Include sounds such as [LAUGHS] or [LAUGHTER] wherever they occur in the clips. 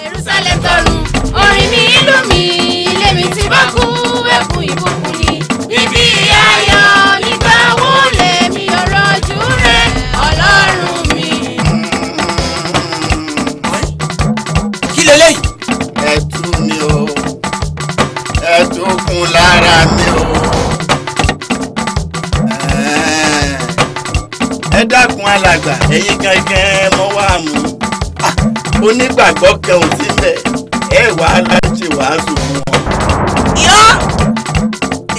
Jerusalem tọrùn orin mi ìlú mi ilé mi ti bá kú ẹkùn ìbùkún ni níbi ayọ̀ nígbà wo lèmi ọ̀rọ̀ ojú rẹ ọlọ́run mi. kí leléyìí. ẹ tú mi o ẹ tó kún lára mi o. ẹ dákun alàgbà ẹ̀yin gangan onígbàgbọ́ kan ò sí mẹ́ ẹ wàá láṣẹ wàásù fún wọn. yọ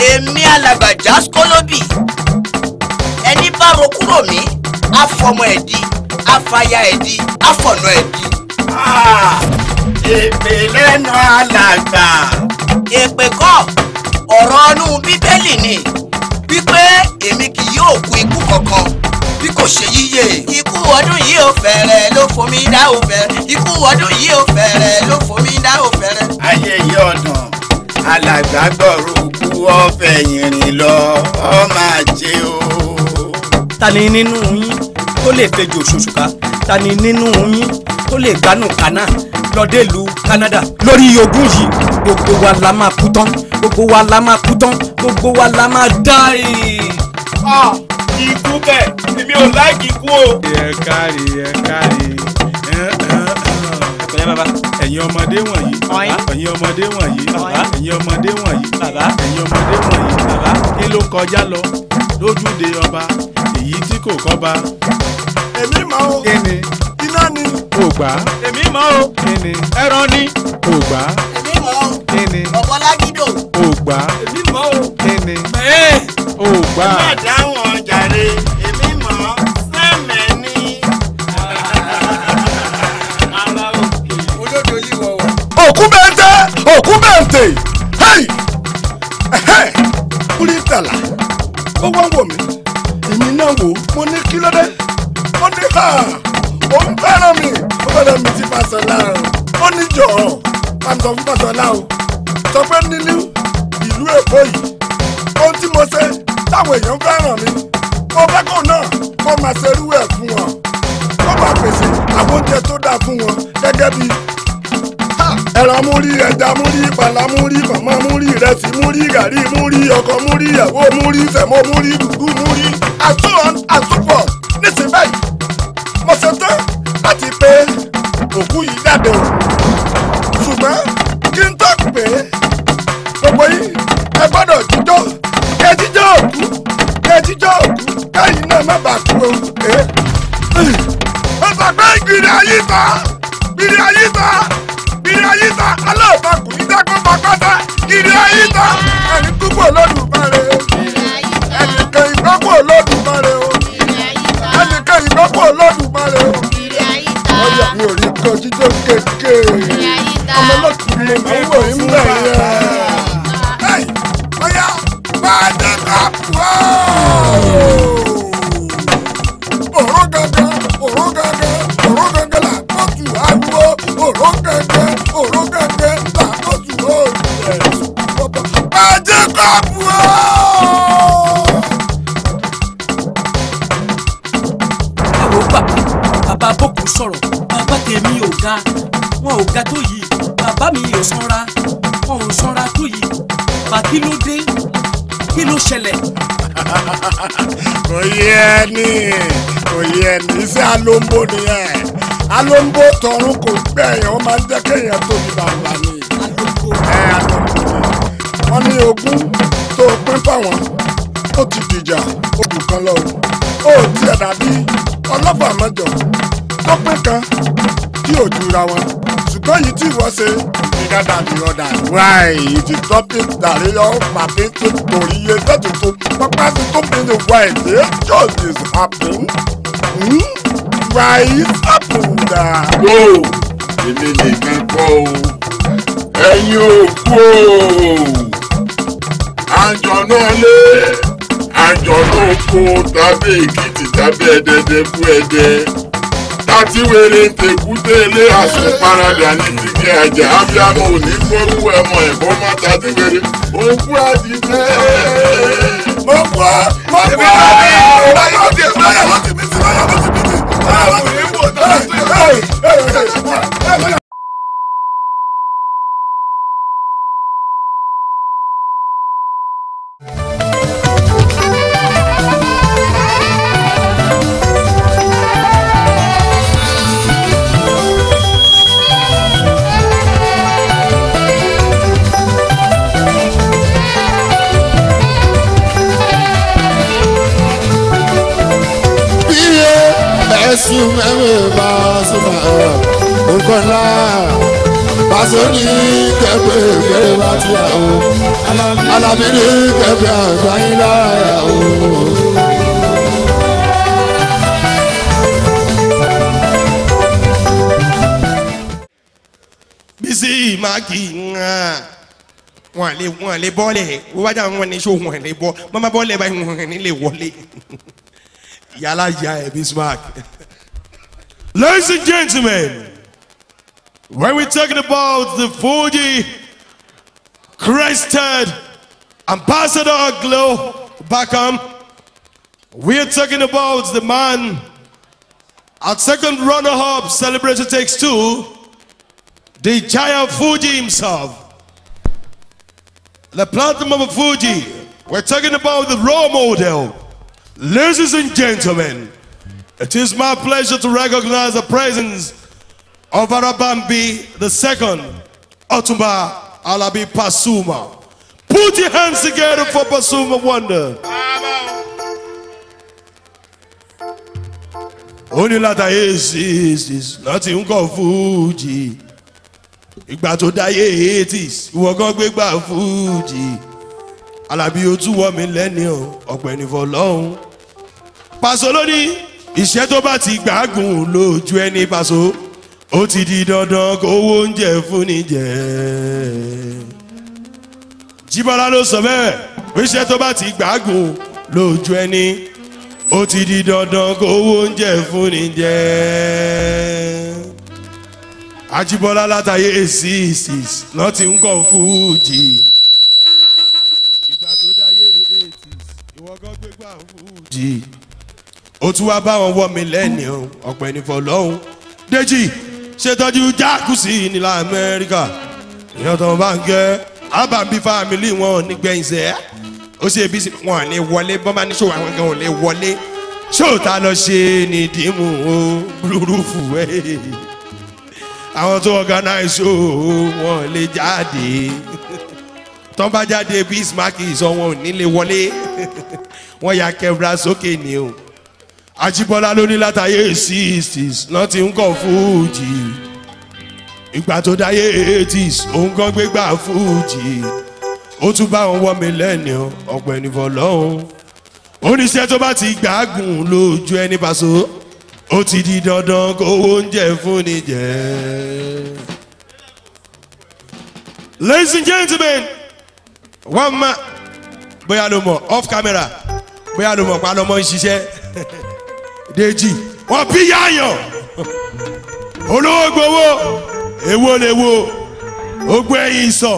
èmi alàgbà jaskolobi ẹni bá ro kúrò afọmọ ẹdí afaya ẹdí afọnà ẹdí. Ah! èpè lẹ́nu alàgbà. èpè kọ́ ọ̀rọ̀ ọnú bíbélì ni wípé èmi kì yóò kú ikú kankan bí kò ṣe yíyẹ. ikú ọdún yìí ò fẹ̀rẹ̀ ló fomi dá ò fẹ̀rẹ̀ ikú ọdún yìí ò fẹ̀rẹ̀ ló fomi dá ò fẹ̀rẹ̀. ayẹyẹ ọ̀nà alàgbà kú ọ̀fẹ́ yìnrìn lọ ọ máa o. ta ni nínú yín tó lè fẹjọ òṣooṣù ká ta ni nínú yín tó lè gbanú kaná lọdẹ́lu Canada lórí ogún yìí gbogbo wa la máa kú tán gbogbo wa la máa kú tán gbogbo wa la máa dá e. Ah! láìkì ikú bẹ́ẹ̀ èmi ò láìkì ikú o. ẹ káre ẹ káre ẹ bàbá. ẹ̀yin ọmọdé wọ̀nyí ẹ̀yin ọmọdé wọ̀nyí ẹ̀yin ọmọdé wọ̀nyí ẹ̀yin ọmọdé wọ̀nyí kí ló kọjá lọ lójúde ọba èyí tí kò kọ́ba. èmi mọ̀ o. kí ni. iná ni. kò gbà. èmi mọ̀ o. kí ni. ẹran ni. kò gbà. èmi mọ̀ o. kí ni. ọ̀pọ̀ lágídò. kò gbà. èmi mọ̀ o. kí ni. ẹ̀ẹ́. kò gbà. ẹ má dáhùn. òkú bẹ́ńtẹ́ òkú bẹ́ńtẹ́ hey hey kúlítàlà ó wá wò mí èmi náà wò mo ní kí ló dé ó ní hà ó mi ó fẹ́ràn mi ti Fàṣọlá ó ní jọ̀ọ́ pàṣọ fún Fàṣọlá o sọ pé nílùú ìlú Èkó yìí ohun tí mo ṣe táwọn èèyàn fẹ́ràn mi mo fẹ́ kó náà kó máa ṣerú ẹ̀ fún wọn kó máa pèsè àwọn oúnjẹ tó dáa fún wọn gẹ́gẹ́ bíi ẹran múrí ẹja múrí pàlà múrí kànmọ́ múrí ìrẹsì múrí gàrí múrí ọkọ múrí ìyàwó múrí sẹ̀mó múrí dùdú múrí. àtúwọ̀n àtúpọ̀ nísìnyí báyìí mo ṣe tán láti pé òkú yìí jáde o ṣùgbọ́n kí n tó pè é gbogbo yìí ẹ gbọ́dọ̀ jíjọ́ kẹ jíjọ́ òkú kẹ jíjọ́ òkú kẹ́yìn náà má bàa kú o. ó sọ pé ìgbìrì ayé ta ìgbìrì ayé ta ayé ta aláàbọ̀ kò ní dákọ́ máa pátá ìrì ayé ta ẹni túbọ̀ lọ́dùnmarè ẹnìkan ìgbàgbọ́ lọ́dùnmarè o ẹnìkan ìgbàgbọ́ lọ́dùnmarè o ọyà mi ò rí kan jíjọ́ kékeré ọmọ mi máa ń mẹ́rin. àbòkù sọ̀rọ̀ bàbá tèmi ò ga wọn ò ga tó yìí bàbá mi ò sanra wọn ò sanra tó yìí bà kí ló dé kí ló ṣẹlẹ̀. [LAUGHS] kò yé ẹni kò yé ẹni iṣẹ́ alombo nìyẹn alombo tọrun kò gbẹ̀yìn ó máa ń jẹ́ kéèyàn tóbi bàbá ni. alombo ẹ alombo wọn ní ogún tó pín fáwọn ó ti dìjà odù kan lọ o ó tiẹ̀ dàbí ọlọ́pàá mẹ́jọ tó pín kan kí ò jura wọn ṣùgbọ́n yìí tí wọ́n ṣe ìdádá ti ọ̀dà wáì ìdí tọ́pì dàríyọ́ pàbí tó torí iye tó tuntun pápá tó tó bí ní wáì dé just is happening wáì is happening da. wo èmi nìkan kọ́ o ẹ̀yin ò kú o àjọ náà lé àjọ náà kó tàbí èkìtì tàbí ẹ̀dẹ̀dẹ̀ fún ẹ̀dẹ̀ àti wèrè tèkúté ilé àṣọ paradà ní títí ẹ̀jẹ̀ abiyamọ òní gbọ́rú ẹ̀mọ ẹ̀kọ́ mọ́ta ti wèrè òkú àdìsẹ́. mo pa mo pa mo pa yóò di èso yóò di mi sí yóò di mi. wọn lè wọ́n bá wọn ní sọ wọn lè bọ́ báyìí wọn ní lè wọlé yàrá yà ẹ̀ Ladies and gentlemen, when we're talking about the Fuji crested ambassador Glow Beckham, we're talking about the man at second runner-up celebration takes two, the giant Fuji himself the platinum of Fuji. We're talking about the role model. Ladies and gentlemen, it is my pleasure to recognize the presence of Arabambi the second, Otumba Alabi Pasuma. Put your hands together for Pasuma Wonder. Only that is is is nothing called Fuji. ìgbà tó dáyé eighties ìwọ gan gbégbà fújì alábí o tún wọ mí lẹ́ni o ọ̀gbẹ́ni fọlọ́hún. pàṣọ ló ní iṣẹ́ tó bá ti gbàgùn lójú ẹni pàṣọ ó ti di dandan kó owó oúnjẹ fún ni jẹ. jíbọ́lá ló sọ bẹ́ẹ̀ iṣẹ́ tó bá ti gbàgùn lójú ẹni ó ti di dandan kó oúnjẹ fún ni jẹ. Ajíbọ́lá látàyè èsì six nothing kan fújì. ìgbà tó dáyé eighty ìwọ gan gbégbá fújì. ó tún wá bá wọn wọ mi lẹ́nìí ọ̀pẹ nífọ̀ lọ́hùn. Déjì ṣètọ́jú jákùsì ní Amẹ́ríkà ìyá tó bá ń gẹ́ ábàbí fámìlì wọn nígbẹ̀yìn sẹ́ ó ṣe bí wọn ní wọlé bọ́mà ní ṣòwò àwọn kan ò lè wọlé ṣóòtá lọ ṣe nìdí mú o rúrú fù eh àwọn tó organize o oh, wọn lè jáde tọ́ bá jáde bí ismaki sọ wọn ò nílé wọlé wọ́n ya kẹ́bra sókè ni o Àjíbọ́lá ló ní látàyè sixties náà ti ń kọ́ fújì ìgbà tó dáyé eighties òun kan gbégbá fújì ó tún bá wọn wọ mílẹ́nìọ̀ ọ̀pọ̀ ẹ̀nìfọ̀ lọ́hùn oníṣẹ́ tó bá ti gbàgùn lójú ẹni pàṣọ ó ti di dandan kówó oúnjẹ fún ni jẹ. ladies and gentlemen one man bóyá ló mọ̀ off camera bóyá ló mọ̀ pa lọ́mọ ń ṣiṣẹ́ [LAUGHS] Dèjì wọ́n bí yáyàn olówó gbowó èwo lèwo ogbó ẹ̀yìn sọ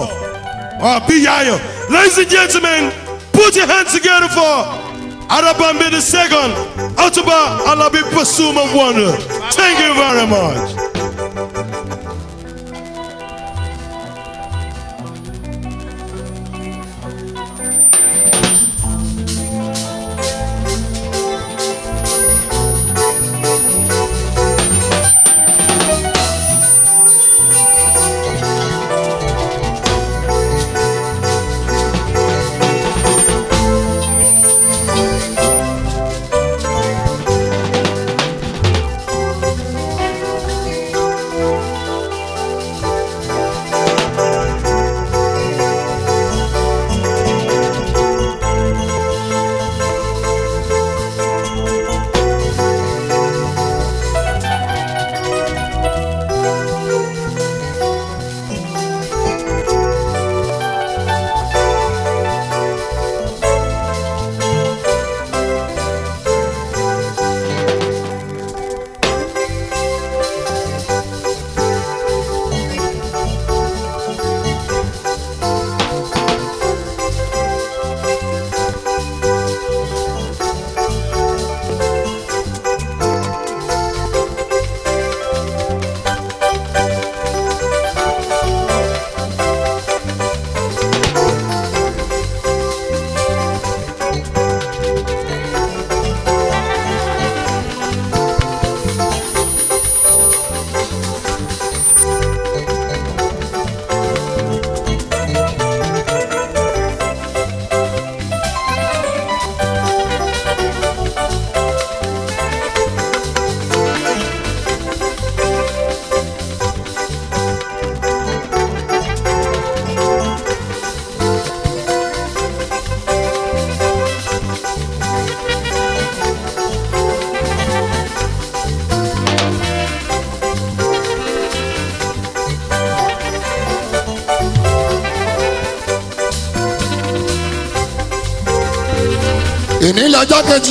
wọ́n bí yáyàn ladies and gentlemen put your hands together for. Arabam be the second. Otuba, alabi be pursuit wonder. Thank you very much.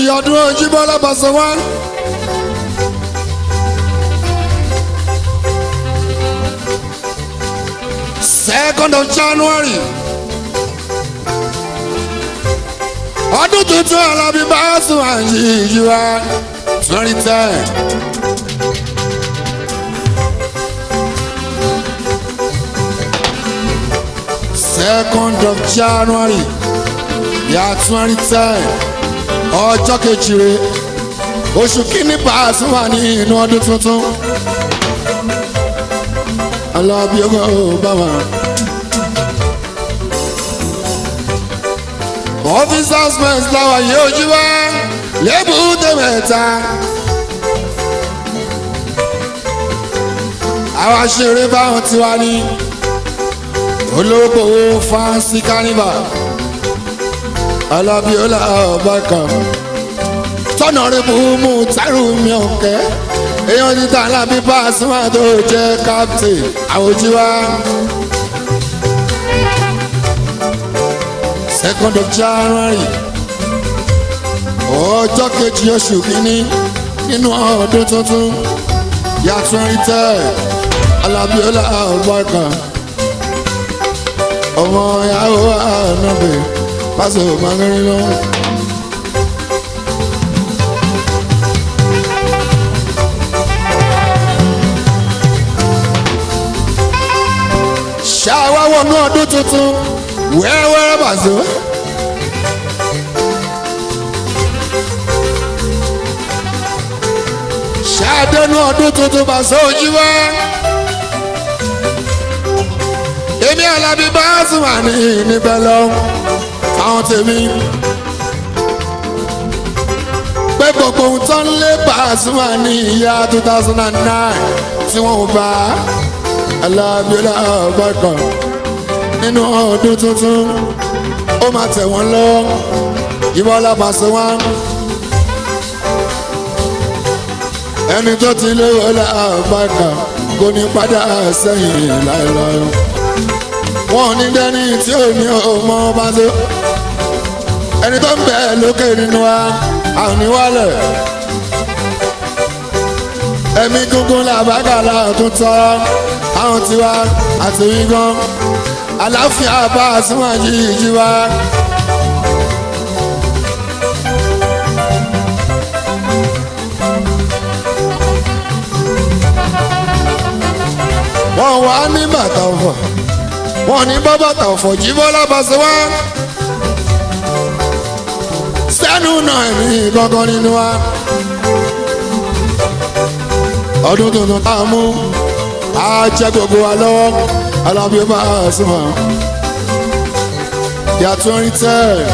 ìyọdún Ojúbọ́lá Pasuma. second of January ọdún tuntun Alábí Pasuma yìí wá twenty ten. second of January yà twenty ten ọjọ́ kejì rẹ̀ oṣù kìíní Pasuma wà ní inú ọdún tuntun alábíọ́gọ́ bá wà. officers men láwa yìí ojú wa lébù tẹ̀mẹ̀ta. àwa ṣeré báwọn tiwa ní olóko fáńsì alábíọ́lá ọ̀bàkà tọ́nà rẹ̀ mú mú tẹ́rù mi ọ̀kẹ́ èèyàn ti ta alábí Pasuma tó jẹ́ captain àwòjíwá. second of January ọjọ́ kejì oṣù kínní nínú ọdún tuntun yàtọ̀ ìtẹ́ alábíọ́lá ọ̀bàkà ọmọ ìyàwó ànábẹ́ pásò mangere lọ. ṣáwá wọnú ọdún tuntun wẹ́rẹ́wẹ́rẹ́ pàṣẹ. ṣáàdánù ọdún tuntun pàṣẹ ojú wa èmi Àlàbí Pasuma ní níbẹ̀ lọ àwọn tèmi pé gbogbo ohun tó ń lé Pasuma ní ìyá two thousand and nine tí wọ́n ò bá alábíọ́lá ọ̀bọ̀kọ̀ nínú ọdún tuntun ó máa tẹ̀ wọ́n lọ ìwọ́n lápasẹ̀ wọn. ẹni tó ti lówó láàbàkà kò ní padà sẹ́yìn láìláì. wọ́n ní dání tí ó ní ọmọ bá tó ẹni tó ń bẹ lókè nínú wa àwọn níwálẹ̀ ẹ̀mí gúngún làbágàlà tó tọ́ àwọn tiwa àti wíwọ́n àláfíà bá a súnmọ́ yìí jí wa. wọ́n wá ní bàtà ọ̀fọ̀ wọ́n ní bọ́ bàtà ọ̀fọ̀ jí bọ́lá bá ṣe wá lẹ́nu náà ẹ̀mí kankan nínú wa. ọdún tuntun tá a mú a jẹ́ gbogbo wa lọ́wọ́ alábí máa sùn wọn. yàtọ̀ orin tẹ́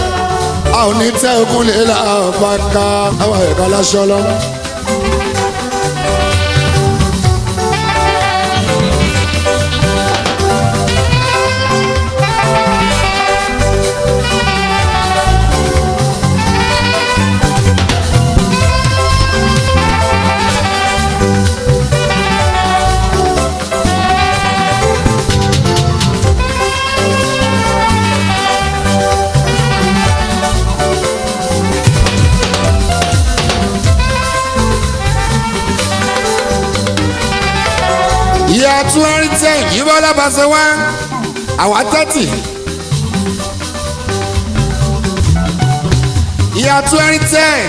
a ò ní tẹ́ okùn lè la àpá ká àwọn ẹ̀ka láṣọ lọ́wọ́. ṣe Jíbọ́lá Pasuma àwa thirty. ìyá twenty ten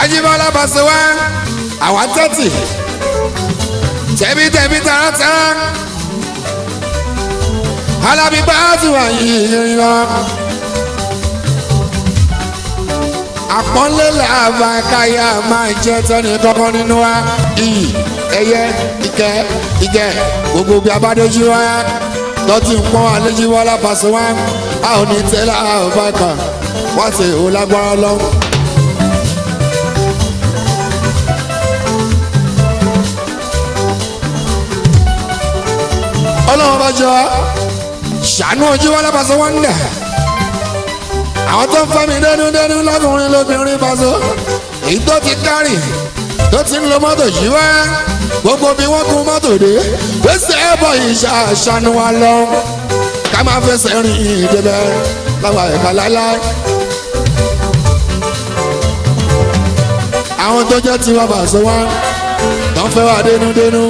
Ajíbọ́lá Pasuma àwa thirty. tẹ̀bítẹ̀bí taratara alábí bá ti wà yìí lọ. àpọ́nlé làbà káyà máa jẹ́ tẹ́ni kọ́kọ́ nínú wa iyì ẹ̀yẹ ìkẹ́ ìjẹ gbogbo bí abádójú wa lọ́tí ń pọ́n àlejò wa lápasẹ̀ wa a ò ní tẹ́ làbà kan wá sí ìhò lágbára lọ́wọ́. ọlọ́run bá jọ ṣàánú ojú wa lápasẹ̀ wa ń dà àwọn tó ń fẹ́ mi dẹ́nudẹ́nu lọ́kùnrin lóbìnrin Paso èyí tó ti kárì tó ti ń lo mọ́tò yìí wá gbogbo bí wọ́n kú mọ́tò dé fẹsẹ̀ ẹ̀ bọ̀ ìṣà àṣàánú wa lọ ká máa fẹsẹ̀ rìn ìdẹ́bẹ̀ láwa ẹ̀ka láíláí. àwọn tó jẹ́ tiwa Paso wá tó ń fẹ́ wa dénúdénú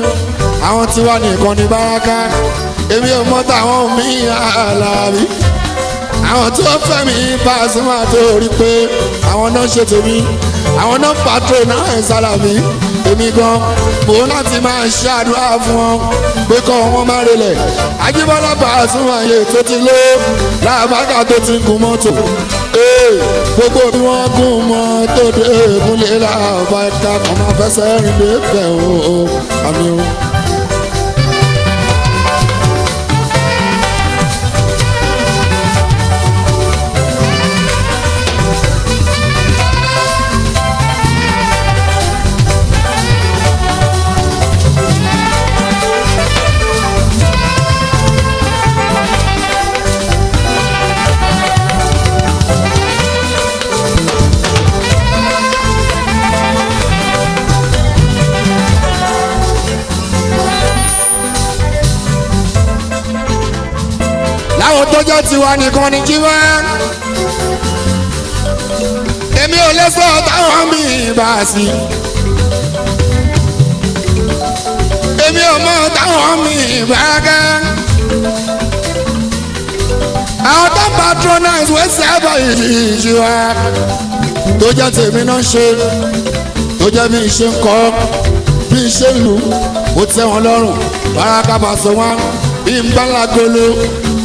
àwọn tiwa nìkan ní báràkà èmi ò mọ́ta àwọn míì Àlàbí àwọn tó fẹ́ mi Pasuma tó rí pé àwọn náà ṣe tèmi àwọn náà patron náà ẹ̀ sára mi èmi gan mo láti máa ṣe àdúrà fún wọn pé kọ́ wọn má relẹ̀ Ajíbọ́lá Pasuma àyè tó ti lé làbákà tó ti gun mọ́tò gbogbo bí wọ́n gún mọ́ tó dé ègúnlé làbákà kọ́ máa fẹsẹ̀ rìn dé bẹ̀ o àmì o. kọjọ́ tiwa nìkan ni kí wá. èmi ò lè sọ táwọn mi bá a sí. èmi ò mọ táwọn mi bá a àwọn tó patronize wẹ́ sábà ìdí ìṣúra tó jẹ́ tèmi náà ṣe tó jẹ́ bí ṣe ń kọ́ bí ṣe ń lù ó tẹ́ wọn lọ́rùn bárakà bá sọ wọn bí ń bá lágolo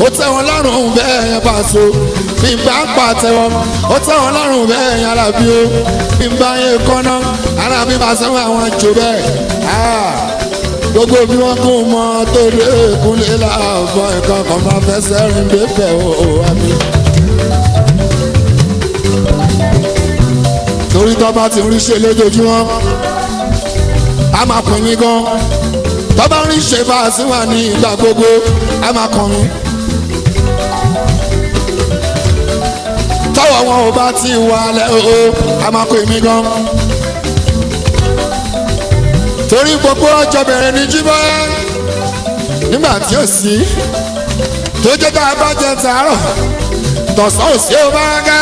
ó tẹ́wọn lọ́rùn bẹ́ẹ̀ yẹn bá so bí n bá pàtẹ́wọ́ ó tẹ́wọn lọ́rùn bẹ́ẹ̀ yẹn alábí o bí n bá yẹn kọ́nà alábí bá sẹ́wọ́n àwọn jò bẹ́ẹ̀ gbogbo bí wọ́n kún mọ́ torí èkúlé láàbọ̀ nǹkan kan máa fẹ́ sẹ́rìn débẹ̀ o àmì. torí tó bá ti rí ṣe lójoojúmọ́ a máa pín yín gan tó bá rí ṣe bá a sì wà ní ìgbà gbogbo a máa kàn yín. táwọn wọn ò bá ti wà lẹ́ o a máa kó èmi gan. torí gbogbo ọjọ́ bẹ̀rẹ̀ ní jíbọ́ nígbà tí ó sí tó jẹ́ tá a bá jẹ tàárọ̀ tọ̀sán ò sí ó bá gá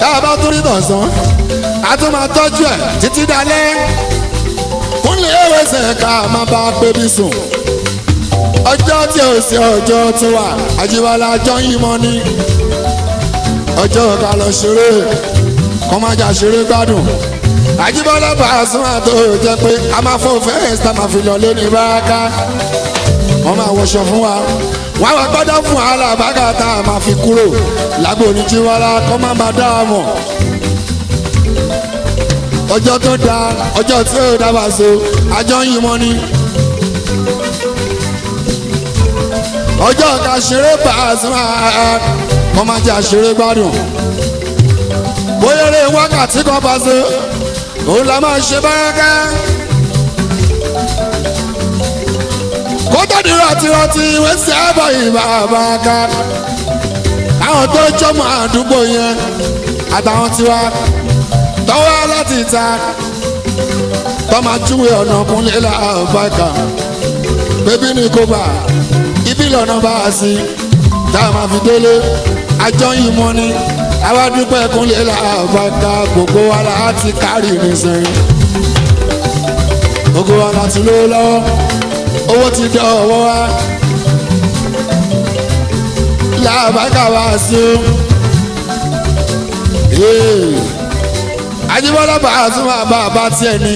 tá a bá tún rí tọ̀sán a tún máa tọ́jú ẹ̀ títí dalẹ́ kúnlẹ̀ ewéṣẹ̀ ká máa bá a sùn ọjọ́ tí ó sí ọjọ́ tó wà àjíwálá jọ mọ́ ni ọjọ́ ká lọ ṣeré kọ́májà ṣeré gbádùn àjíbọ́lá Pasuma tó jẹ́ pé a máa fún fẹ́ẹ́sì tá a máa fi lọ lé ní báraká wọ́n máa wọṣọ fún wa wọ́n máa gbọ́dọ̀ fún alábàágà tá a máa fi kúrò lágbo oníjíwárá kọ́ má máa dá a mọ̀ ọjọ́ tó dáa ọjọ́ tí ó dábàá so àjọ ń yìí mọ́ ni. ọjọ́ ká ṣeré Pasuma wọ́n máa jẹ́ àṣeré gbádùn bóyá eré wákàtí kan bá ṣe òun la máa ṣe báyáká kótó ní rọtìrọtì ìwé sí àbọ̀ ìbàbà ká àwọn tó jọmọ àdúgbò yẹn àtàwọn tiwa tọwọ́ láti ta, tọ́mà júwe ọ̀nà kúnlẹ̀ làbàkà bébí ni kò gbà ibi lọ́nà bá a sí tá máa fi délé àjọyìn mọ́ ni àwa dúpẹ́ kúnlẹ̀ làbàkà gbogbo wa láti kárì ní sẹ́yìn gbogbo wa láti lówó lọ́wọ́ owó ti dẹ ọwọ́ wa làbàkà wá sí o Àjíbọ́lá Pasuma bàbá tiẹ̀ ní.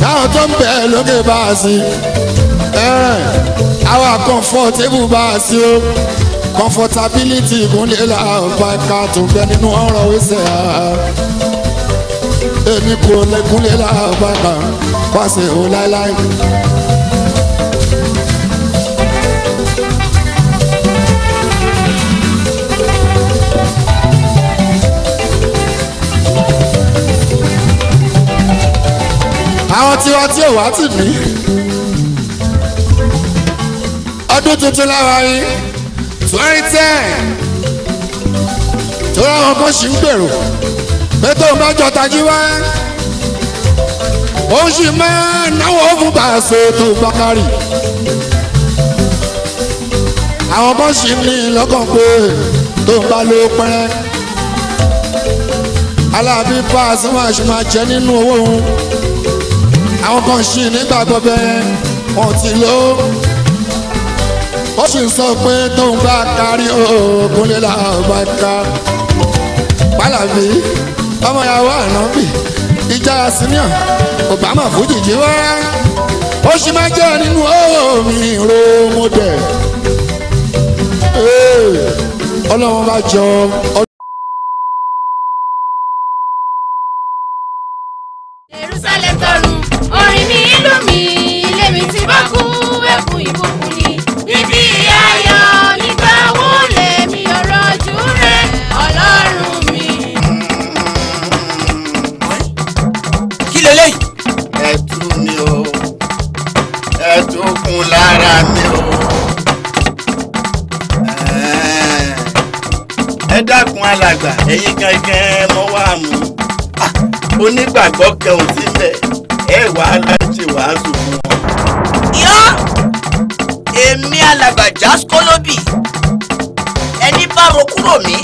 táwọn tó ń bẹ̀ lókè bá a sí àwa comfortable bá a sí o comfortability ìgúnlẹ̀ la bá ká tó bẹ nínú ọ̀rọ̀ wíṣẹ̀ à. èmi kò lẹ́gúnlẹ̀ la bá ká pàṣẹ ò láéláé. àwọn tiwa tí ò wá tì mí ọdún tuntun lára yín twenty ten tó láwọn kan sì ń gbèrò pé tó ń bá jọ tají wá ó ń sì máa náwó fún bàṣẹ tó bákárì àwọn kan sì ní lọ́kàn pé tó ń bá ló pẹ́rẹ́ aláàbí paasi wọn àṣì jẹ nínú owó àwọn kan sì nígbàgbọ́ bẹ́ẹ̀ wọ́n ti lọ́ọ́ ó sì sọ pé tóun bá kárí oògùn lélà ọba ká pálàbí ọmọ ìyàwó ànábì ìjà senior obama fújìjì wá ó sì máa jẹ́ nínú omi ro mo dẹ̀ ọlọ́run bá jọ ọ ìfọkàn ò sílẹ̀ ẹ wàá láṣẹ wàásù fún wọn. yọ èmi alàgbà jaskolobi ẹni bá ro kúrò mí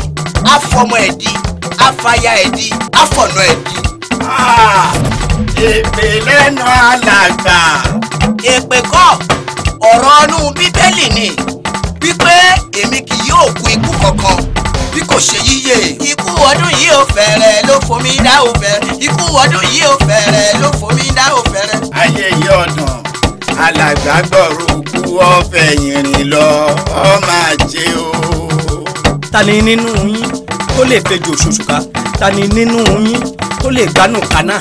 afọmọ ẹdí afaya ẹdí afọnà ẹdí. Ah! èpè lẹ́nu alàgbà. èpè kọ́ ọ̀rọ̀ ọnú bíbélì ni wípé èmi kì yóò kú ikú kankan bí kò ṣe yíyẹ ọdún yìí ò fẹ̀rẹ̀ ló fomi dá ò fẹ̀rẹ̀ ikú ọdún yìí ò fẹ̀rẹ̀ ló fomi dá ò fẹ̀rẹ̀. ayẹyẹ ọdún alàgbà kú ọfẹ yìnrìn lọ ọ máa o. ta ni nínú yín tó lè fẹjọ òṣooṣù ká ta ni nínú yín tó lè gbanú kaná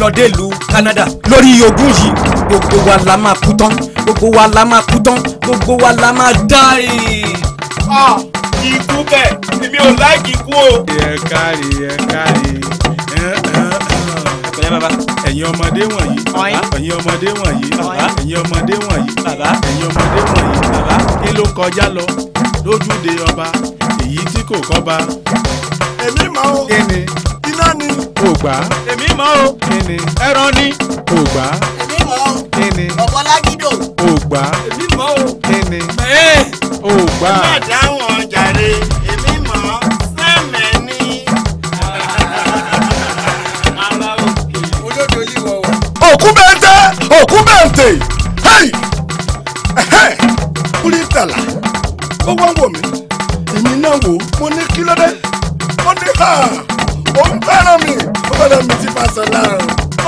lọdẹlu Canada lórí ogún yìí gbogbo wa la máa kú tán gbogbo wa la máa kú tán gbogbo wa la máa dá. ọ e. ah, ikú mi mi ò láìkì kú o. ẹ káre ẹ káre ẹ̀yin baba. ẹ̀yin ọmọdé wọ̀nyí. ẹ̀yin ọmọdé wọ̀nyí. ẹ̀yin ọmọdé wọ̀nyí. ẹ̀yin ọmọdé wọ̀nyí. kí ló kọjá lọ lójúde ọba èyí tí kò kọ́ba. èmi mọ̀ o. kí ni. iná ni. kò gbà. èmi mọ̀ o. kí ni. ẹran ni. kò gbà. èmi mọ̀ o. kí ni. ọ̀pọ̀ lágídò. kò gbà. èmi mọ̀ o. kí ni. ẹ̀ẹ́. kò gbà. ẹ má dáhùn ọjà rẹ. òkú bẹ̀ǹtẹ̀ kúlí tàlà ó wá wò mí èmi náà wò mo ní kí ló dé ó ní hà ó ń fẹ́ràn mi ó fẹ́ràn mi ti Fáṣọlá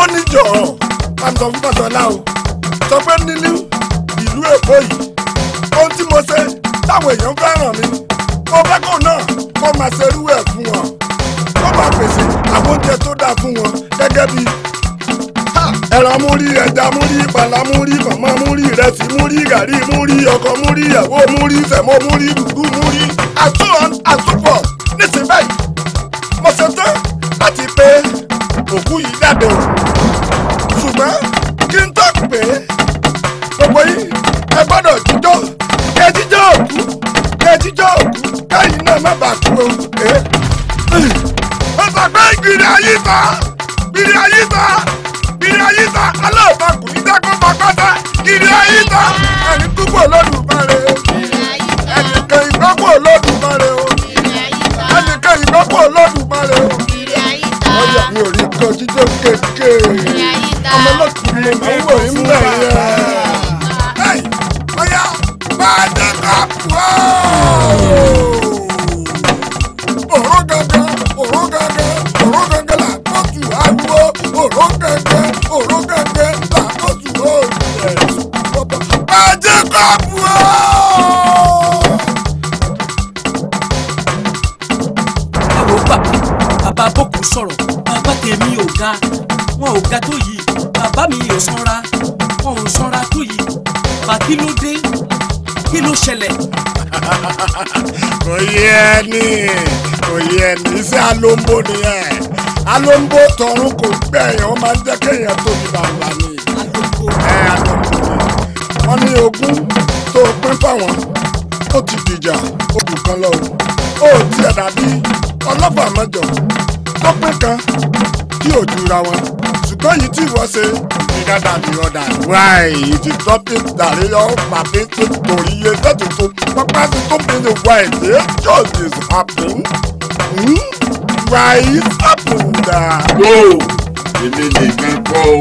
ó ní jọ̀ọ́ pàṣọ fún Fáṣọlá o sọ pé ìlú Èkó yìí ohun tí mo ṣe táwọn èèyàn fẹ́ràn mi mo fẹ́ kó náà kó máa ṣerú ẹ̀ fún wọn ó bá pèsè àwọn oúnjẹ tó dáa fún wọn gẹ́gẹ́ bíi ẹran múrí ẹja múrí pàlà múrí màmá múrí ìrẹsì múrí gàrí múrí ọkọ múrí ìyàwó múrí sẹ̀mó múrí dùdú múrí àtúwọ̀ kí ló dé kí ló ṣẹlẹ̀. kò yé ẹ ní kò yé ẹ ní iṣẹ́ alombo nìyẹn alombo tọrún kò gbẹ̀yìn ó máa ń jẹ́ kéèyàn tóbi bàbá ni. alombo ẹ alombo wọn ní ogún tó pín fáwọn ó ti dìjà ogun kan lọ ó tiẹ̀ dàbí ọlọ́fà mẹ́jọ tó pín kan tí ò jura wọn ṣùgbọ́n yìí tí ìwọ ṣe Africa than the others. Why? It is something that real permitted to relate to the person to be the way the just is happening. Hmm? Why it happened? Wo! Èmi nìkan kọ́ o,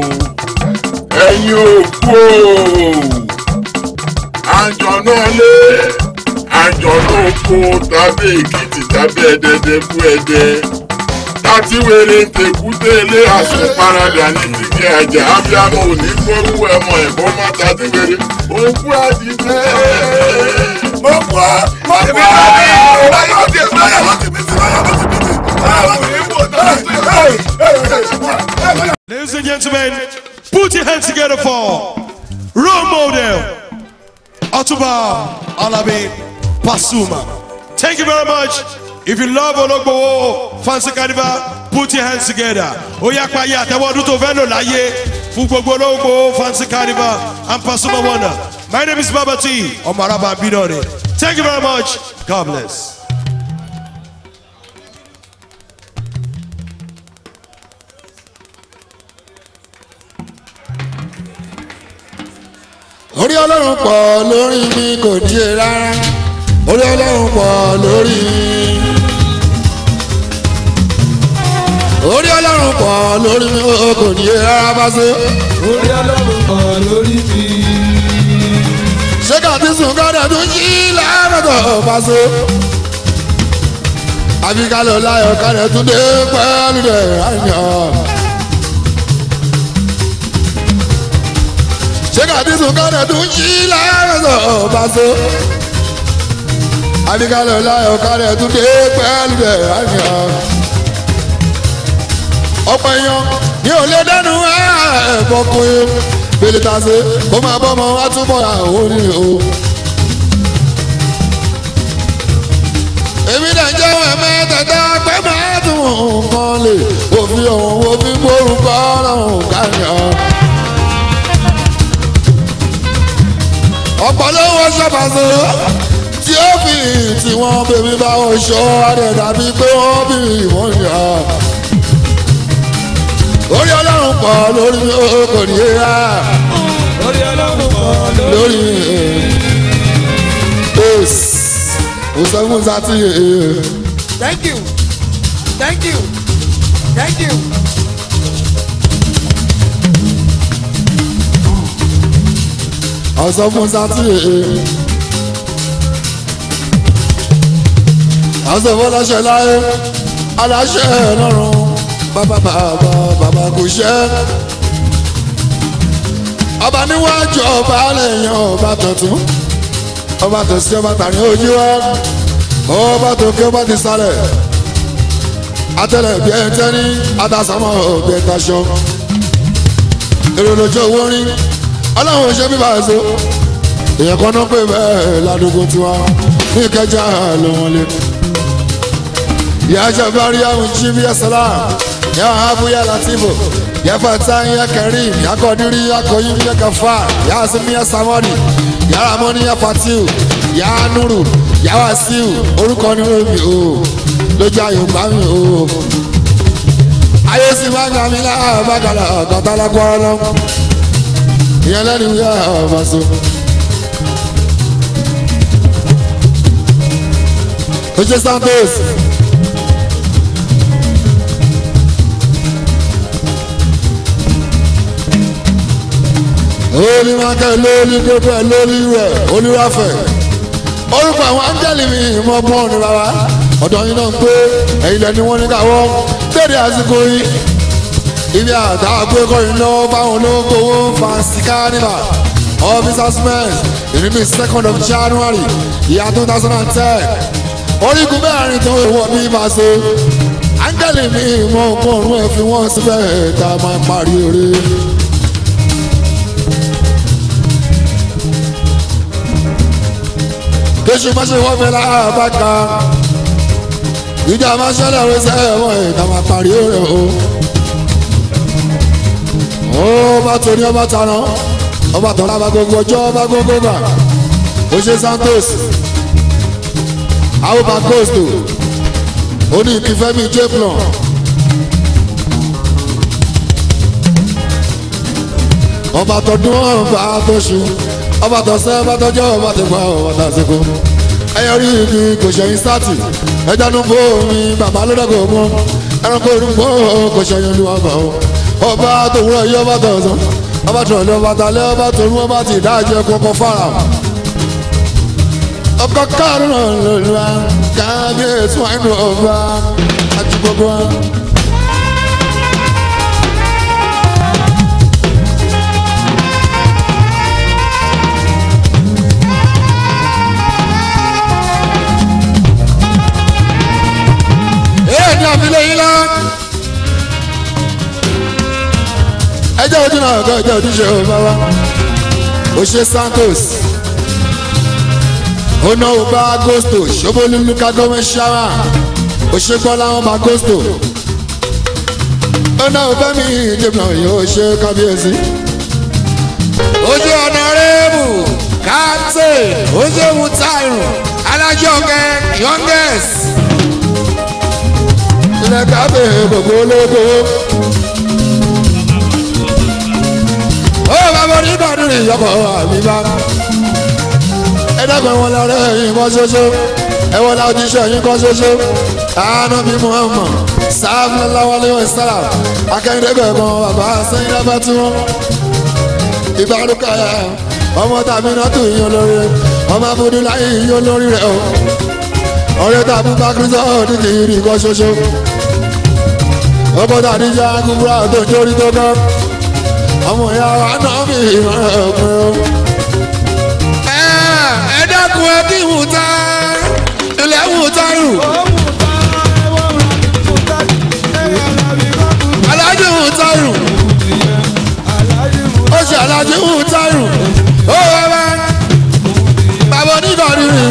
ẹ̀yin ò kú o, àjọ náà lé àjọ náà kó tàbí èkìtì tàbí ẹ̀dẹ̀dẹ̀ fún ẹ̀dẹ̀. Tàtíwèrè ń tèkúté lé àsùnparadà ni ti ẹ̀jẹ̀ abiyamọ òní gbórú ẹmọ ẹ̀bọ́ máa ta dìgbére òkú àdìgbé. mo kú ọ mo kú ọ báyìí ó ti ẹ̀sùn báyìí ó ti bìtì báyìí ó ti bìtì báyìí ó ti Ladies and gentlemen, put your hands together for role model Otuba Alabi Pasuma. Thank you very much. If you love Ologbowo, Fancy Carnival, put your hands together. Oya paye àtẹ́wọ́ ọdún tó fẹ́ lò láyé fún gbogbo Ologbowo, Fancy Carnival and Pasuma Wonder. My name is Babati T. Omaraba Binore. Thank you very much. God bless. orí ọlọ́run pọ̀ lórí mi kò díẹ̀ rárá orí ọlọ́run pọ̀ lórí mi. orí ọlọ́run pọ̀ lórí mi kò ní rárá bá ṣe. orí ọlọ́run pọ̀ lórí mi. ṣé kàtí sùn kọ́dọ̀ tó yí lárọ̀tọ̀ bá ṣe. àfikàlọ̀ láyọ̀ kárẹ̀ tún dé pẹ́ẹ́lú rẹ̀ ráyàn. ṣé kàtí sùn kọ́dọ̀ tó yí lárọ̀tọ̀ bá ṣe. àfikàlọ̀ láyọ̀ kárẹ̀ tún dé pẹ́ẹ́lú rẹ̀ ráyàn ọ̀pọ̀ èèyàn ní ò lè dẹ́nu ẹ̀ẹ́dẹ́gbọ̀n kò yẹ bèlè tà sí kó máa bọ́ ọmọ wa túbọ̀ yà ó ní o. èmi náà jẹ́ ohun ẹ̀mẹ́ tẹ̀tẹ́ pé màá tún nǹkan lè òfin ọ̀hún òfin gbórúkọ ọ̀rọ̀ kàyàn. ọ̀pọ̀ ló wọ́n ṣàbàṣọ tí ó fi tí wọ́n bá wọn ṣọ́ pé wọ́n bí wọ́n yà á orí ọlọ́run pọ̀ lórí kò ní í orí ọlọ́run pọ̀ lórí ace osegun sati ee. thank you thank you thank you. ọsọfún sati ee. ọsọfún lọsẹ láyé aláṣẹ lọ́run bàbá bàbá bàbá àgùṣẹ́. ọba níwájú ọba lẹ́yìn ọba tuntun ọba tó sí ọba tàrí ojú wa ọba tó kí ọba ti sálẹ̀ atẹ́lẹ̀ bí ẹ tẹ́ni adásámọ́ ọ̀bẹ taṣọ èrò lójú owó rí ọlọ́run ṣe bíbá ẹ̀ so èèyàn kan náà pè bẹ́ẹ̀ ládùúgbò tiwa ní ìkẹjà lòun lè. yàtọ̀ rí àwọn jíbi ẹ̀sán láà ya Wahabu ya Latifu ya Fatai ya Karim ya Kodiri ya Koyim ya Gafar ya Asimi ya Samadi ya ya Fatiu ya Nuru ya Wasiu orúkọ ni ó mi o lójú ayò bá mi o. ayé sì máa ń gbà bàgàlà ọ̀gọ́ta lágbára lọ ìyẹn lẹ́nu yà so. ó Santos. olùmọ̀kẹ́ lórí gbogbo ẹ̀ lórí rẹ̀ olúwàfẹ́ orúkọ àwọn áńgẹ́lì mi ìmọ̀gbọ́n ni bàbá ọ̀dọ̀ yín náà ń pé ẹ̀yin lẹ́ni wọ́n ní káwọ́ bẹ́ẹ̀rẹ̀ àsìkò yìí ibi àtà àgbékọ̀ yìí lọ́wọ́ báwọn olóńgbò owó fancy carnival officers men ìrìn mi second of January year two thousand and ten orígun mẹ́rin tó wọ̀ ní ìbáṣe áńgẹ́lì mi ìmọ̀gbọ́n ẹ̀ fi wọ́n síbẹ̀ tá a máa parí eré. Jésù mọ́sẹ̀ wọ́n fẹ́ lára bá kan. Ìjà máa ṣẹlẹ̀ rẹ sẹ́yìn wọ́n ìta máa parí rẹ̀ o. Ó bá torí ọba taran, ọba tọ́lá bá gbogbo ọjọ́ ọba gbogbo gbà. Ó ṣe Santos, àwọn bá Costo, ó ní ìfẹ́mi ọba tọdún ọba tó ṣù ọba tọ̀sẹ̀ ọba tọjọ́ ọba tẹ̀gbọ́n ọba tàṣekọ. ayọ̀rí igi kò ṣẹ̀yìn sátì ẹja ló ń bó omi bàbá lọ́dọ̀kọ̀ mọ́ ẹranko ló ń bó kò ṣẹ̀yìn olúwa mọ́ ọba tòwúrọ̀ yí ọba tọ̀sán ọba tọ̀lẹ́ ọba tàlẹ́ ọba tòun ọba ti dájẹ́ kọ́kọ́ fara. ọkọ kárùn-ún lòlúwa kábíyèsí wáìnì ọba àti gbogbo jẹ́ ojú náà ọ̀gá ọjọ́ ojú ṣe o bàbá o Santos ona ọba agosto ṣobolú luka gọmẹṣára o ṣe gbọ́lá ọba agosto ona ọba mi ìjọba yóò ṣe kábíyèsí ojú ọ̀nà rẹ́ẹ̀mù káàtì ojú ohun táìrùn alájọkẹ youngest lẹ́ka bẹ̀rẹ̀ gbogbo olóko. Ìbàdàn ìyọkọ̀ àbíbá. ẹ̀dẹ́gbẹ̀ wọn la rẹ̀ yín kan ṣoṣo ẹ̀wọ̀n la òjíṣẹ́ yín kan ṣoṣo àánú bí mo mọ̀ sáàmù láwálé wọn sára akẹ́yìndẹ́gbẹ̀ kan bàbá sẹ́yìn lábẹ́ tí wọ́n. ìbárúkàyà ọmọ tàbí náà tù yín olórí ọmọ abúlé láyé yín olórí rẹ̀ o ọ̀rẹ́ tàbí bákúrúsọ̀ ọ̀dún kì í rí kan ṣoṣo ọkọ̀ tàbí jẹ́ agúnbúrà tó ń jórí tó kọ́ ọmọ ya anábì ẹ̀kún. ẹ dákun ẹ kí wùtá ilẹ̀ wùtá rù. alájú wùtá rù. ó ṣe alájú wùtá rù. ó wá wá bàbá onídọ̀rí rè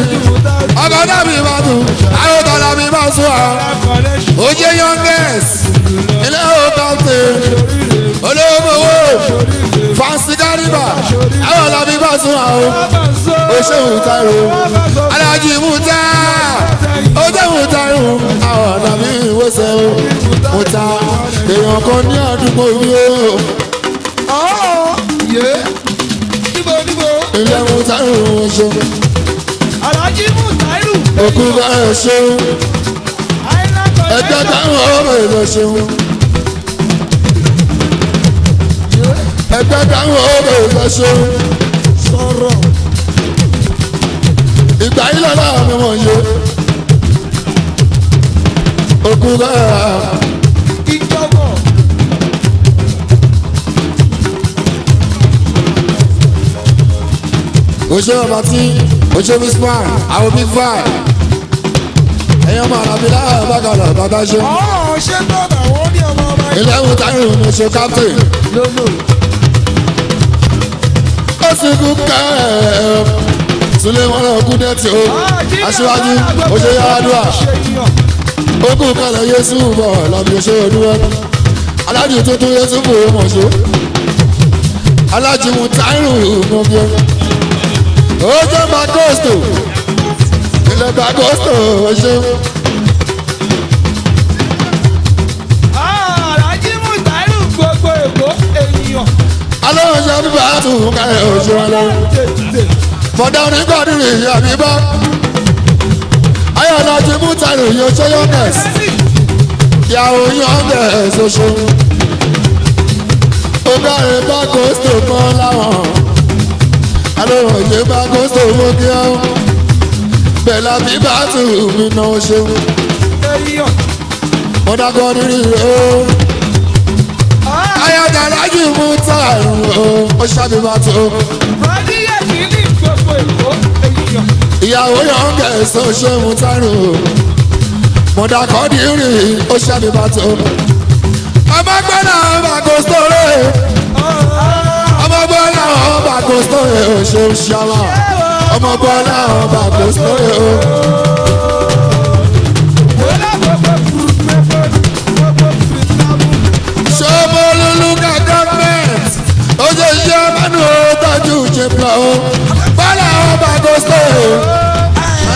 ọkọ̀ dàbí ìbàdàn àwọn ọkọ̀ dàbí ìbàdàn ó jẹ́ youngest ilé ìwòkàn tè olówó fansi gariba àwọn làbí bá sún àwọn oṣooṣù taro alájí muta ojú mutaru àwọn làbí wọsẹ o muta èèyàn kan ní àdúgbò mi o. ilé mutaru oṣù. alájí mutaru. òkú bá ẹ ṣeun ẹgbẹ́ táwọn ọmọ èèyàn ṣeun. ẹgbẹ́ dáhùn ọ̀rọ̀ ìfẹsẹ̀ sọ̀rọ̀ ìgbà yìí lọ́la mi mọ̀ yé okun rẹ̀ oṣù ọba oṣù bisman àwọn big five ẹ̀yàn máa rà mí bàbá ṣe. ọ̀hún ṣé tó dà wọ́n ní ọmọ ọba ilé ẹ̀wọ̀n ní oṣù captain lásìkò kẹ́ẹ̀ Sulemana Kúdẹ́tì o aṣíwájú oṣù yàrá okùn kalẹ̀ yéṣu bọ̀ làbí oṣù olúwa aláàjì tuntun yéṣu bò ó mọ̀ ṣó aláàjì mu táìrù ìmọ̀gbẹ́ ó jẹ́ bá gọ́ọ̀sì ilẹ̀ bá gọ́ọ̀sì ọ̀ṣẹ́. alóhùn ṣe ní bàá tù ká ẹ̀ ò ṣe wọn lọ. bọ̀dá onígbàdúrà ìyá mi bá ayọ̀lá ti mú tàrí òyìn oṣó yọ̀ngẹ̀s ìyàwó yọ̀ngẹ̀s oṣó. ọgá rẹ̀ bá gòsìtò kan láwọn alóhùn ṣe bá gòsìtò mú kí ọ́ bẹ̀lá mi bá tù mí náà ṣeun. bọ̀dá kan nínú ìrẹ́ o lájú ṣàbí máa tó. bọ́dí èyí ní gbogbo èkó èyíyàn. ìyàwó yàn kẹsàn ó ṣe mú tárùn o. mọ̀dàkọ́ di rìn ó ṣàbí máa tó. ọmọ gbọ́ náà bá kó sóore. ọmọ gbọ́ náà bá kó sóore ó ṣe ń ṣàmà. ọmọ gbọ́ náà bá kó sóore ó. ṣé mo lulú kàkẹ́ jẹ́ ọmọnù tọ́jú jẹ́pọ̀ o bọ́lá ọba gòsò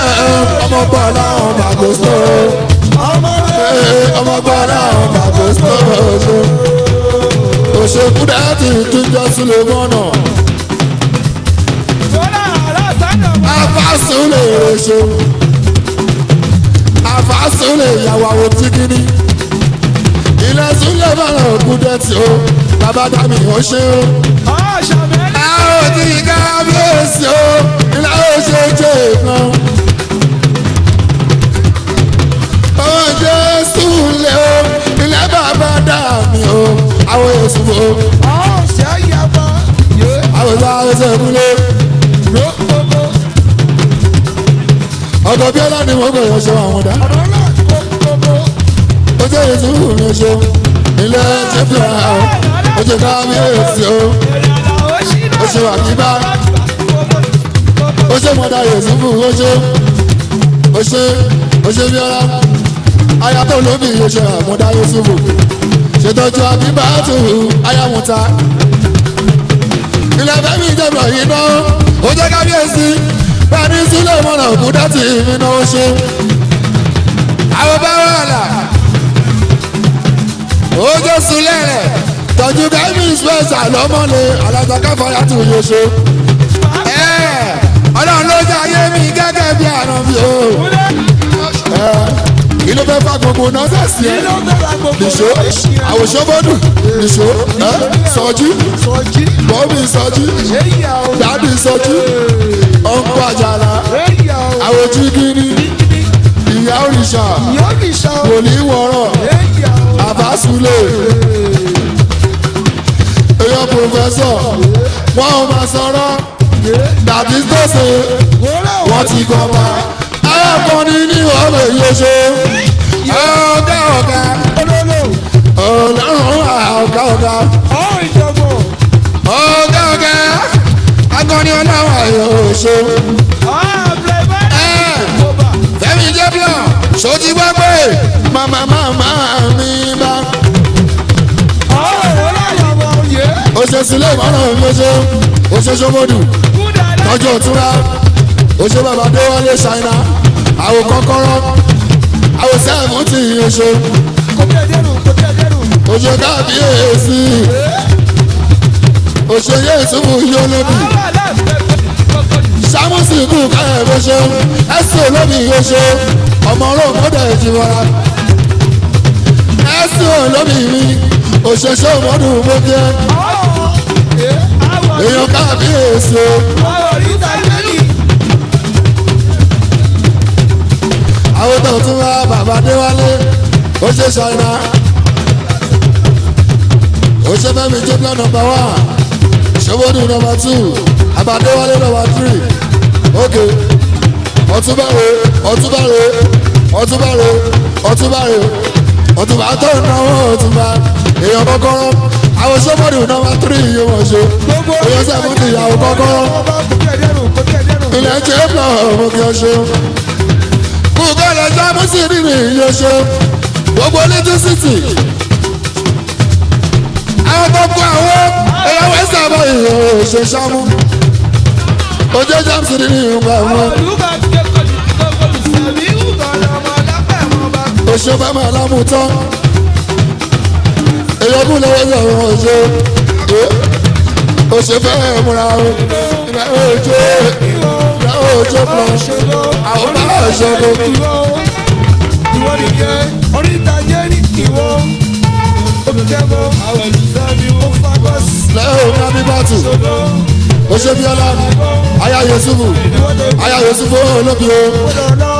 eh, ọmọ bọ́lá ọba gòsò eh, ọmọ bọ́lá ọba gòsò òṣèkú dẹ́tì túnjọ sílẹ̀ mọ́nà. afásúlẹ̀ ìrẹsọ afásúlẹ̀ ìyàwó àwọn tíkíní ilẹ̀ súlẹ̀ mọ́nà òkú dẹ́tì o bàbá dàmí ó ṣe o a ò ní kábíyèsí o ilé ó ṣe jẹ ìbọn. ó Jésù lé o ilé bàbá dà mí o àwọn èso o. àwọn òṣè yàgbọ́. àwọn èso àwọn èso ìkúlé. ọ̀dọ̀ bíọ́lá ni mo gbọ́dọ̀ ṣe àwọn ọ̀dà. ọ̀dọ̀ náà ó jẹ́ èso mi ṣe ilé jẹ́ fìlà o ó jẹ́ kábíyèsí o ṣe wà ní bá ó ṣe mọ̀dà yòóṣùfù ó ṣe ó ṣe ó ṣe bíọ́lá aya tó lóbi yóò ṣe àmúdá yòóṣùfù ṣètọ́jú àbíbá tó ayáwùntà ilẹ̀ bẹ́ẹ̀ mi jẹ̀bọ̀ yìí náà ó jẹ́ kábíyèsí bẹ́ẹ̀ ni sílẹ̀ mọ̀nà òkúta tì mí náà ó ṣe àwọn bá wà là ó jẹ́ sílẹ̀ rẹ̀ tọ́jú kẹ́mí special lọ́mọ́lé alátakà fọyà tún yóò ṣe. ọlọ́run ló jẹ́ ayé mi gẹ́gẹ́ bí àrùn mi o. kí ló fẹ́ fa gbogbo nọ́sẹ̀sì ẹ̀ nìṣó àwòṣọ́ bọ́dù nìṣó sọ́jú bọ́ọ̀mì sọ́jú dádì sọ́jú ọ̀npọ̀ àjàlá àwòjú gírí ìyá òrìṣà wòlíwọ̀rọ̀ àbásùlẹ̀ jẹ́ pòfẹ́sọ̀ wọ́n ò máa sọ̀rọ̀ dàbí gbèsè wọ́n ti gọba ayọ̀kọ́ni ní ọ̀rẹ́ yóò ṣe ọ̀gá ọ̀gá ọlọ́run ọ̀gá ọ̀gá ọ̀gá ọ̀gá akọni ọlọ́run yóò ṣe. Fẹ́mi Jẹ́bíọ̀, ṣó ti wá pé màmá màmá mi bá. o ṣe sílẹ̀ ìmọ̀ràn mi o ṣe o ṣe ṣomodu tọ́jú òtúnra o ṣe bàbá déwálé ṣáínà àwò kọ́kọ́rọ́ àwò sẹ́ẹ̀mù tì í o ṣe o ṣe káàbíyèsí o ṣe yé ìtumù yóò lóbi sámúsì kù káyọ̀ ló ṣe ẹ̀sìn olómi yóò ṣe ọmọ ọlọ́run kọ́dọ̀ ìjìmọ̀ra ẹ̀sìn olómi mi òṣèṣe ọmọdún mọ́kẹ́ èèyàn kábíyèsí o. àwọn tó tún wá bàbá déwálé ó ṣe ṣàìná ó ṣe fẹ́mi jókòó nọ́mbà wá ṣòwòdù nọ́mbà tù àbádéwálé nọ́mbà tírì ókè ọtúbàrè ọtúbàrè ọtúbàrè ọtúbàrè ọtúbà tó náwó ọtúbà èèyàn kọ́kọ́rọ́ àwọn sọ́mọ́dì nọ́mbà three yìí wọ́n ṣe oyè sẹ́fúndì ìyàwó kọ́kọ́ ilẹ̀ ń ṣe é pọ̀ ọmọ kí ọ ṣe. kùkọ́ lọ sábà sí rírì iye ṣe gbogbo létí sítì. àwọn tó kú àwọn ẹ̀yàwó sábà ìyọ̀ ṣe ṣámú. ojú ẹja ń sìn ní ìgbà wọn. òṣèlú bá máa lámú tán èèyàn mú lọ́wọ́ sí àwọn ọ̀ṣẹ́ ọ̀ṣẹ́ fẹ́ẹ́ múra o ìgbà òjò ìgbà òjò pọ̀ àwọn bá ọ̀ṣẹ́ tó kú. ìwọ nìkẹ́ oríta jẹ́ ní ìwọ olùkẹ́kọ̀ọ́ àwọn ìlúsẹ́bí ó fagbọ́sì. lẹ́hìn kábí bàtù ọ̀ṣẹ́ bíọ́lá ayá Yusufu ayá Yusufu olóbi o.